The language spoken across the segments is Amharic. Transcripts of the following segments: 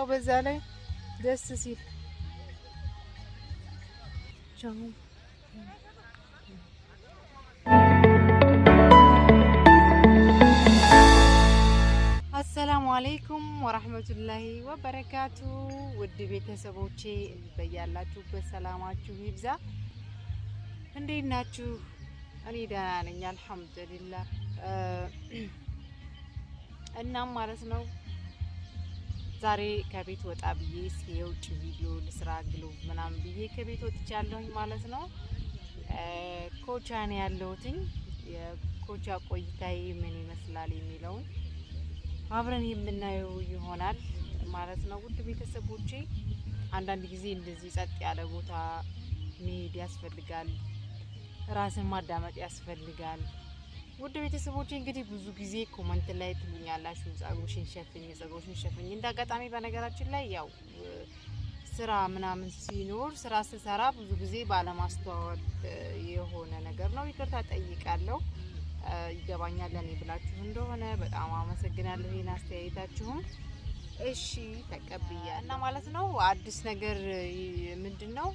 ሽታው በዛ ላይ ደስ ሲል አሰላሙ አሌይኩም ወራህመቱላሂ ወበረካቱ። ውድ ቤተሰቦቼ በያላችሁበት ሰላማችሁ ይብዛ። እንዴት ናችሁ? እኔ ደህና ነኝ አልሐምዱሊላህ። እናም ማለት ነው ዛሬ ከቤት ወጣ ብዬ እስኪ የውጭ ቪዲዮ ልስራ ግሎ ምናምን ብዬ ከቤት ወጥቼ ያለሁኝ ማለት ነው። ኮቻ ነው ያለሁትኝ። የኮቻ ቆይታዬ ምን ይመስላል የሚለውን አብረን የምናየው ይሆናል ማለት ነው። ውድ ቤተሰቦቼ አንዳንድ ጊዜ እንደዚህ ጸጥ ያለ ቦታ መሄድ ያስፈልጋል። ራስን ማዳመጥ ያስፈልጋል። ውድ ቤተሰቦች እንግዲህ ብዙ ጊዜ ኮመንት ላይ ትሉኛላችሁ ጸጉርሽን ሸፍኝ፣ ጸጉርሽን ሸፍኝ። እንደ አጋጣሚ በነገራችን ላይ ያው ስራ ምናምን ሲኖር ስራ ስሰራ ብዙ ጊዜ ባለማስተዋወቅ የሆነ ነገር ነው። ይቅርታ ጠይቃለሁ። ይገባኛል ለእኔ ብላችሁ እንደሆነ በጣም አመሰግናለሁ። ይህን አስተያየታችሁም እሺ ተቀብያ እና ማለት ነው። አዲስ ነገር ምንድን ነው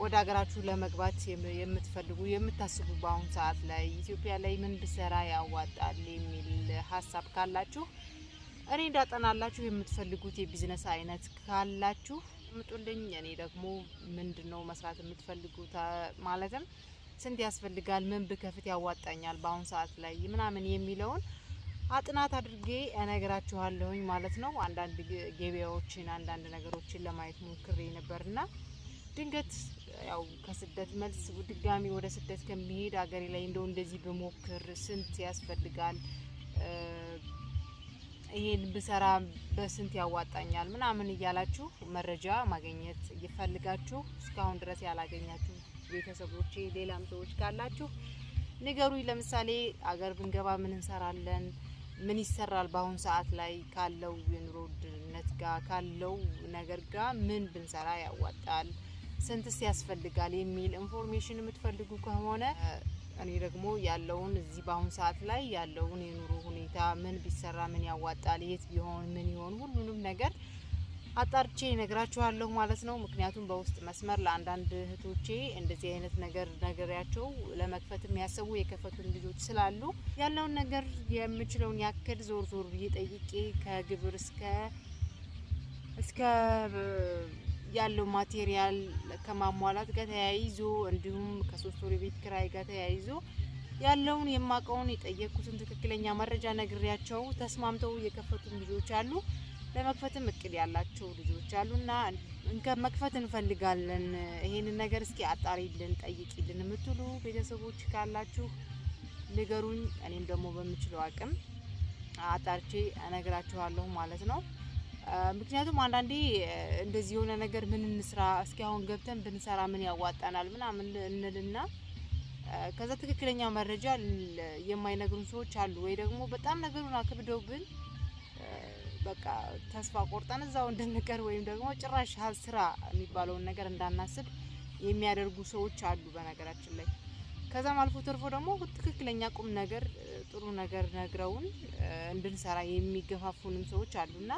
ወደ ሀገራችሁ ለመግባት የምትፈልጉ የምታስቡ በአሁኑ ሰዓት ላይ ኢትዮጵያ ላይ ምን ብሰራ ያዋጣል የሚል ሀሳብ ካላችሁ እኔ እንዳጠናላችሁ የምትፈልጉት የቢዝነስ አይነት ካላችሁ ምጡልኝ። እኔ ደግሞ ምንድን ነው መስራት የምትፈልጉት ማለትም ስንት ያስፈልጋል፣ ምን ብከፍት ያዋጣኛል በአሁኑ ሰዓት ላይ ምናምን የሚለውን አጥናት አድርጌ እነግራችኋለሁኝ ማለት ነው። አንዳንድ ገበያዎችን አንዳንድ ነገሮችን ለማየት ሞክሬ ነበርና ድንገት ያው ከስደት መልስ ድጋሚ ወደ ስደት ከሚሄድ ሀገሬ ላይ እንደው እንደዚህ በሞክር ስንት ያስፈልጋል፣ ይሄን ብሰራ በስንት ያዋጣኛል ምናምን እያላችሁ መረጃ ማግኘት እየፈልጋችሁ እስካሁን ድረስ ያላገኛችሁ ቤተሰቦቼ፣ ሌላም ሰዎች ካላችሁ ንገሩኝ። ለምሳሌ አገር ብንገባ ምን እንሰራለን? ምን ይሰራል? በአሁኑ ሰዓት ላይ ካለው የኑሮ ውድነት ጋር ካለው ነገር ጋር ምን ብንሰራ ያዋጣል? ስንትስ ያስፈልጋል የሚል ኢንፎርሜሽን የምትፈልጉ ከሆነ እኔ ደግሞ ያለውን እዚህ በአሁኑ ሰዓት ላይ ያለውን የኑሮ ሁኔታ ምን ቢሰራ ምን ያዋጣል፣ የት ቢሆን ምን ይሆን፣ ሁሉንም ነገር አጣርቼ ነግራችኋለሁ ማለት ነው። ምክንያቱም በውስጥ መስመር ለአንዳንድ እህቶቼ እንደዚህ አይነት ነገር ነገሪያቸው ለመክፈት የሚያሰቡ የከፈቱን ልጆች ስላሉ ያለውን ነገር የምችለውን ያክል ዞር ዞር ብዬ ጠይቄ ከግብር እስከ እስከ ያለው ማቴሪያል ከማሟላት ጋር ተያይዞ እንዲሁም ከሶስት ወር ቤት ክራይ ጋር ተያይዞ ያለውን የማውቀውን የጠየቁትን ትክክለኛ መረጃ ነግሬያቸው ተስማምተው የከፈቱን ልጆች አሉ። ለመክፈትም እቅድ ያላቸው ልጆች አሉና መክፈት እንፈልጋለን፣ ይሄንን ነገር እስኪ አጣሪልን፣ ጠይቂልን የምትሉ ቤተሰቦች ካላችሁ ንገሩኝ። እኔም ደግሞ በምችለው አቅም አጣርቼ እነግራችኋለሁ ማለት ነው። ምክንያቱም አንዳንዴ እንደዚህ የሆነ ነገር ምን እንስራ እስኪ አሁን ገብተን ብንሰራ ምን ያዋጣናል ምናምን እንልና ከዛ ትክክለኛ መረጃ የማይነግሩን ሰዎች አሉ። ወይ ደግሞ በጣም ነገሩን አክብደውብን በቃ ተስፋ ቆርጠን እዛው እንድንቀር ወይም ደግሞ ጭራሽ ስራ የሚባለውን ነገር እንዳናስብ የሚያደርጉ ሰዎች አሉ በነገራችን ላይ። ከዛም አልፎ ተርፎ ደግሞ ትክክለኛ ቁም ነገር ጥሩ ነገር ነግረውን እንድንሰራ የሚገፋፉንም ሰዎች አሉና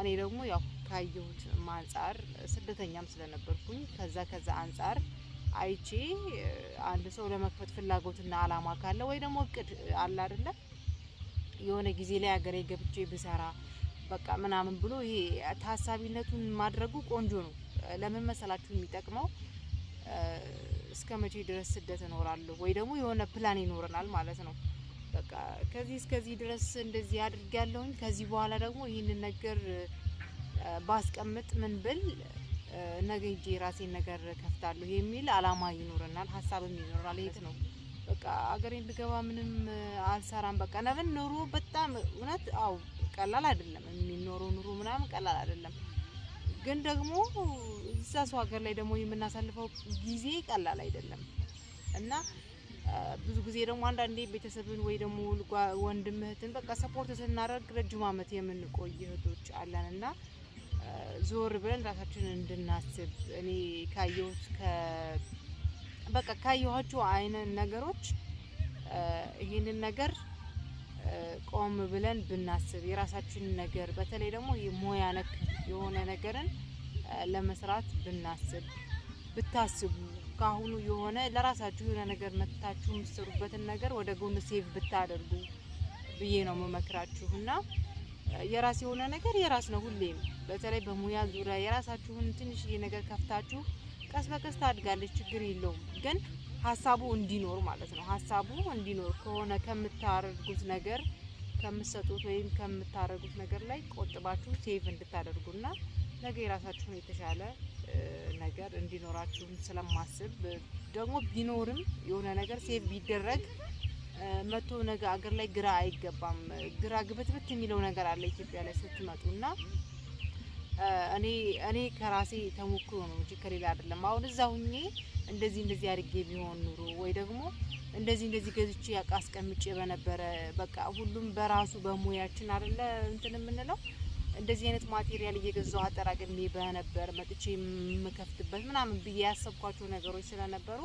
እኔ ደግሞ ያው ካየሁት አንጻር ስደተኛም ስለነበርኩኝ ከዛ ከዛ አንጻር አይቼ አንድ ሰው ለመክፈት ፍላጎትና አላማ ካለ ወይ ደግሞ እቅድ አለ አይደለ የሆነ ጊዜ ላይ ሀገሬ ገብቼ ብሰራ በቃ ምናምን ብሎ ይሄ ታሳቢነቱን ማድረጉ ቆንጆ ነው። ለምን መሰላችሁ የሚጠቅመው እስከ መቼ ድረስ ስደት እኖራለሁ ወይ ደግሞ የሆነ ፕላን ይኖረናል ማለት ነው። በቃ ከዚህ እስከዚህ ድረስ እንደዚህ ያለውኝ ከዚህ በኋላ ደግሞ ይህንን ነገር ባስቀምጥ ምን ብል ነገ ሂጄ የራሴን ነገር ከፍታለሁ የሚል አላማ ይኖረናል፣ ሀሳብም ይኖራል። የት ነው በቃ አገሬን ልገባ ምንም አልሰራም። በቃ ነብን ኑሮ በጣም እውነት አው ቀላል አይደለም፣ የሚኖረው ኑሮ ምናምን ቀላል አይደለም። ግን ደግሞ እዛ ሰው ሀገር ላይ ደግሞ የምናሳልፈው ጊዜ ቀላል አይደለም እና ብዙ ጊዜ ደግሞ አንዳንዴ ቤተሰብን ወይ ደግሞ ወንድም እህትን በቃ ሰፖርት ስናደርግ ረጅም አመት የምንቆይ እህቶች አለን እና ዞር ብለን ራሳችን እንድናስብ እኔ ካየሁት በቃ ካየኋቸው አይነት ነገሮች ይህንን ነገር ቆም ብለን ብናስብ የራሳችን ነገር በተለይ ደግሞ ሙያ ነክ የሆነ ነገርን ለመስራት ብናስብ ብታስቡ ካሁኑ የሆነ ለራሳችሁ የሆነ ነገር መታችሁ የምትሰሩበትን ነገር ወደ ጎን ሴቭ ብታደርጉ ብዬ ነው መመክራችሁ እና የራስ የሆነ ነገር የራስ ነው ሁሌም። በተለይ በሙያ ዙሪያ የራሳችሁን ትንሽዬ ነገር ከፍታችሁ ቀስ በቀስ ታድጋለች፣ ችግር የለውም። ግን ሀሳቡ እንዲኖር ማለት ነው። ሀሳቡ እንዲኖር ከሆነ ከምታደርጉት ነገር ከምትሰጡት ወይም ከምታደርጉት ነገር ላይ ቆጥባችሁ ሴቭ እንድታደርጉና ነገ የራሳችሁን የተሻለ ነገር እንዲኖራችሁም ስለማስብ ደግሞ ቢኖርም የሆነ ነገር ሴቭ ቢደረግ መቶ ነገ አገር ላይ ግራ አይገባም። ግራ ግብትብት የሚለው ነገር አለ ኢትዮጵያ ላይ ስትመጡ እና እኔ እኔ ከራሴ ተሞክሮ ነው እንጂ ከሌላ አይደለም። አሁን እዛ ሁኜ እንደዚህ እንደዚህ አድርጌ ቢሆን ኑሮ ወይ ደግሞ እንደዚህ እንደዚህ ገዝቼ ያቃ አስቀምጬ በነበረ በቃ ሁሉም በራሱ በሙያችን አይደለ እንትን የምንለው እንደዚህ አይነት ማቴሪያል እየገዛው አጠራቅሜ በነበር መጥቼ የምከፍትበት ምናምን ብዬ ያሰብኳቸው ነገሮች ስለነበሩ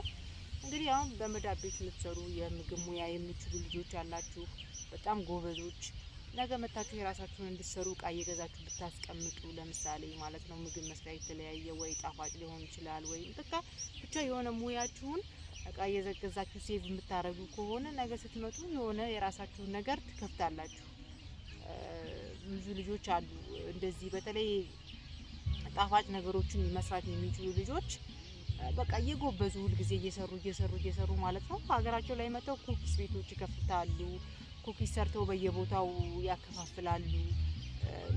እንግዲህ አሁን በመዳብ ቤት የምትሰሩ የምግብ ሙያ የምችሉ ልጆች ያላችሁ በጣም ጎበዞች ነገ መታችሁ የራሳችሁን እንድትሰሩ እቃ እየገዛችሁ ብታስቀምጡ ለምሳሌ ማለት ነው። ምግብ መስሪያ የተለያየ ወይ ጣፋጭ ሊሆን ይችላል ወይ በቃ ብቻ የሆነ ሙያችሁን እቃ እየገዛችሁ ሴቭ የምታደርጉ ከሆነ ነገ ስትመጡ የሆነ የራሳችሁን ነገር ትከፍታላችሁ። ብዙ ልጆች አሉ እንደዚህ በተለይ ጣፋጭ ነገሮችን መስራት የሚችሉ ልጆች በቃ እየጎበዙ ሁል ጊዜ እየሰሩ እየሰሩ እየሰሩ ማለት ነው። ሀገራቸው ላይ መጥተው ኩኪስ ቤቶች ይከፍታሉ። ኩኪስ ሰርተው በየቦታው ያከፋፍላሉ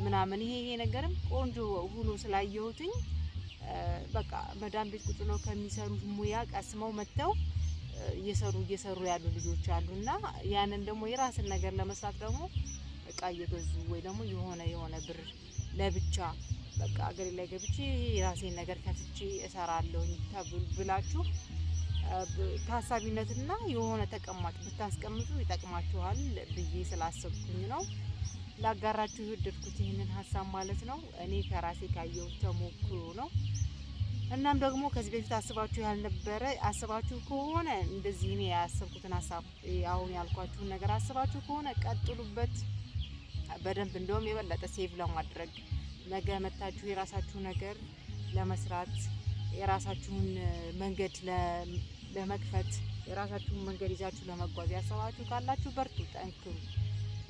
ምናምን። ይሄ ይሄ ነገርም ቆንጆ ሁኖ ስላየሁትኝ በቃ መዳም ቤት ቁጭ ብለው ከሚሰሩት ሙያ ቀስመው መጥተው እየሰሩ እየሰሩ ያሉ ልጆች እና ያንን ደግሞ የራስን ነገር ለመስራት ደግሞ እቃ እየገዙ ወይ ደግሞ የሆነ የሆነ ብር ለብቻ በቃ አገሬ ላይ ገብቼ የራሴን ነገር ከፍቼ እሰራለሁኝ ብላችሁ ታሳቢነትና የሆነ ተቀማጭ ብታስቀምጡ ይጠቅማችኋል ብዬ ስላሰብኩኝ ነው ላጋራችሁ የወደድኩት ይህንን ሀሳብ ማለት ነው። እኔ ከራሴ ካየው ተሞክሮ ነው። እናም ደግሞ ከዚህ በፊት አስባችሁ ያልነበረ አስባችሁ ከሆነ እንደዚህ እኔ ያሰብኩትን ሀሳብ አሁን ያልኳችሁን ነገር አስባችሁ ከሆነ ቀጥሉበት። በደንብ እንደውም የበለጠ ሴቭ ለማድረግ ነገ መታችሁ የራሳችሁ ነገር ለመስራት የራሳችሁን መንገድ ለመክፈት የራሳችሁን መንገድ ይዛችሁ ለመጓዝ ያሰባችሁ ካላችሁ በርቱ፣ ጠንክሩ።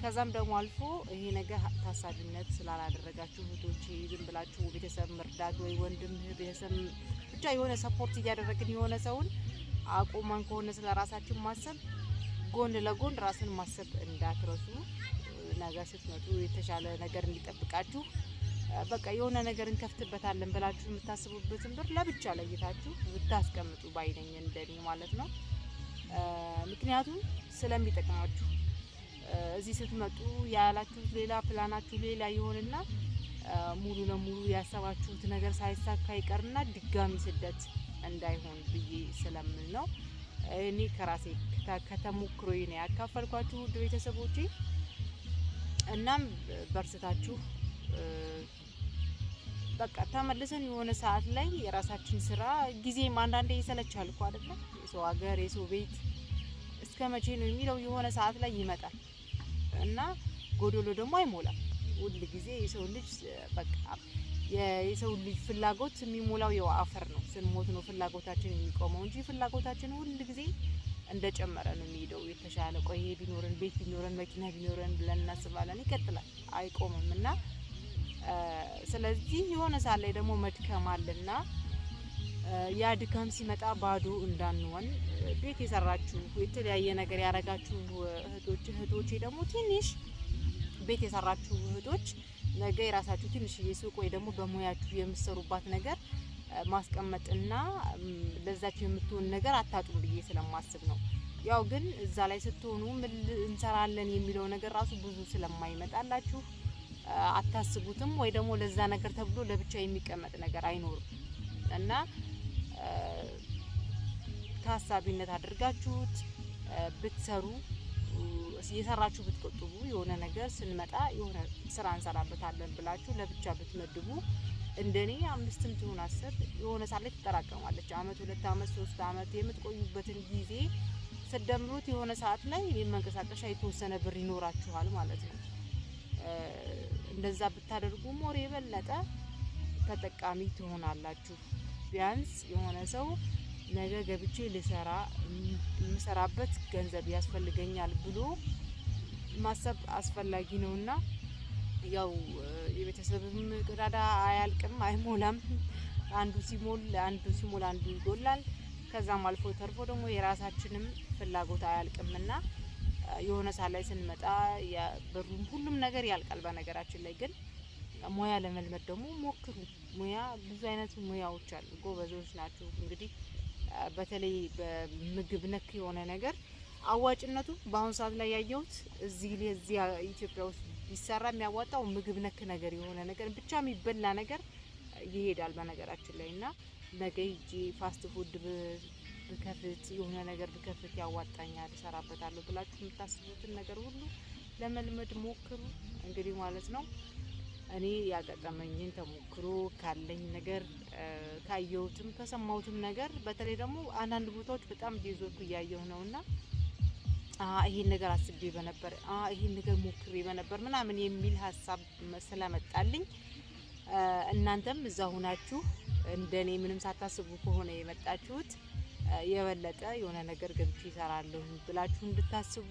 ከዛም ደግሞ አልፎ ይሄ ነገር ታሳቢነት ስላላደረጋችሁ እህቶቼ ዝም ብላችሁ ቤተሰብ መርዳት ወይ ወንድም ቤተሰብ ብቻ የሆነ ሰፖርት እያደረግን የሆነ ሰውን አቁመን ከሆነ ስለ ራሳችን ማሰብ ጎን ለጎን ራስን ማሰብ እንዳትረሱ። ነገ ስትመጡ የተሻለ ነገር እንዲጠብቃችሁ በቃ የሆነ ነገር እንከፍትበታለን ብላችሁ የምታስቡበትን ብር ለብቻ ለይታችሁ ብታስቀምጡ ባይነኝ እንደኔ ማለት ነው። ምክንያቱም ስለሚጠቅማችሁ እዚህ ስትመጡ ያላችሁት ሌላ ፕላናችሁ ሌላ ይሆንና ሙሉ ለሙሉ ያሰባችሁት ነገር ሳይሳካ ይቀርና ድጋሚ ስደት እንዳይሆን ብዬ ስለምል ነው። እኔ ከራሴ ከተሞክሮ ነው ያካፈልኳችሁ ውድ ቤተሰቦቼ። እናም በርስታችሁ በቃ ተመልሰን የሆነ ሰዓት ላይ የራሳችን ስራ ጊዜም አንዳንዴ ይሰለቻል እኮ አይደለ? የሰው ሀገር የሰው ቤት እስከ መቼ ነው የሚለው የሆነ ሰዓት ላይ ይመጣል እና ጎዶሎ ደግሞ አይሞላም። ሁል ጊዜ የሰው ልጅ በቃ የሰው ልጅ ፍላጎት የሚሞላው የው አፈር ነው። ስንሞት ነው ፍላጎታችን የሚቆመው እንጂ ፍላጎታችን ሁል ጊዜ እንደጨመረ ነው የሚሄደው። የተሻለ ቆይ ቢኖረን ቤት ቢኖረን መኪና ቢኖረን ብለን እናስባለን። ይቀጥላል፣ አይቆምም እና ስለዚህ የሆነ ሳ ላይ ደግሞ መድከም አለና ያ ድካም ሲመጣ ባዶ እንዳንሆን ቤት የሰራችሁ የተለያየ ነገር ያረጋችሁ እህቶች እህቶቼ ደግሞ ትንሽ ቤት የሰራችሁ እህቶች ነገ የራሳችሁ ትንሽዬ ሱቅ ወይ ደግሞ በሙያችሁ የምትሰሩባት ነገር ማስቀመጥና ለዛችሁ የምትሆን ነገር አታጡም ብዬ ስለማስብ ነው። ያው ግን እዛ ላይ ስትሆኑ ምን እንሰራለን የሚለው ነገር ራሱ ብዙ ስለማይመጣላችሁ አታስቡትም፣ ወይ ደግሞ ለዛ ነገር ተብሎ ለብቻ የሚቀመጥ ነገር አይኖርም እና ታሳቢነት አድርጋችሁት ብትሰሩ የሰራችሁ ብትቆጥቡ የሆነ ነገር ስንመጣ የሆነ ስራ እንሰራበታለን ብላችሁ ለብቻ ብትመድቡ እንደኔ አምስትም ትሁን አስር የሆነ ሳት ላይ ትጠራቀማለች። አመት፣ ሁለት አመት፣ ሶስት አመት የምትቆዩበትን ጊዜ ስደምሩት የሆነ ሰዓት ላይ መንቀሳቀሻ የተወሰነ ብር ይኖራችኋል ማለት ነው። እንደዛ ብታደርጉ ሞር የበለጠ ተጠቃሚ ትሆናላችሁ። ቢያንስ የሆነ ሰው ነገ ገብቼ ልሰራ የምሰራበት ገንዘብ ያስፈልገኛል ብሎ ማሰብ አስፈላጊ ነውና ያው የቤተሰብም ቀዳዳ አያልቅም አይሞላም። አንዱ ሲሞል አንዱ ሲሞል አንዱ ይጎላል። ከዛም አልፎ ተርፎ ደግሞ የራሳችንም ፍላጎት አያልቅምና የሆነ ሳ ላይ ስንመጣ በሩም ሁሉም ነገር ያልቃል። በነገራችን ላይ ግን ሙያ ለመልመድ ደግሞ ሞክሩ። ሙያ ብዙ አይነት ሙያዎች አሉ። ጎበዞች ናችሁ እንግዲህ በተለይ በምግብ ነክ የሆነ ነገር አዋጭነቱ በአሁኑ ሰዓት ላይ ያየሁት እዚህ እዚህ ኢትዮጵያ ውስጥ ቢሰራ የሚያዋጣው ምግብ ነክ ነገር የሆነ ነገር ብቻ የሚበላ ነገር ይሄዳል። በነገራችን ላይ እና ነገ ሂጄ ፋስት ፉድ ብከፍት የሆነ ነገር ብከፍት ያዋጣኛል፣ እሰራበታለሁ ብላችሁ የምታስቡትን ነገር ሁሉ ለመልመድ ሞክሩ እንግዲህ ማለት ነው። እኔ ያጋጠመኝን ተሞክሮ ካለኝ ነገር ካየሁትም ከሰማሁትም ነገር በተለይ ደግሞ አንዳንድ ቦታዎች በጣም እየዞርኩ እያየሁ ነው እና ይሄን ነገር አስቤ በነበር ይሄን ነገር ሞክሬ በነበር ምናምን የሚል ሀሳብ ስለመጣልኝ እናንተም እዛ ሁናችሁ እንደኔ ምንም ሳታስቡ ከሆነ የመጣችሁት የበለጠ የሆነ ነገር ገብቼ ይሰራለሁ ብላችሁ እንድታስቡ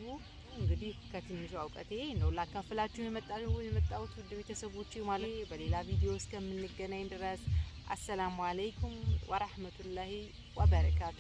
እንግዲህ ከትንሹ እውቀቴ ነው ላካፍላችሁ የመጣሁት ውድ ቤተሰቦች ማለት በሌላ ቪዲዮ እስከምንገናኝ ድረስ አሰላሙ አለይኩም ወራህመቱላሂ ወበረካቱ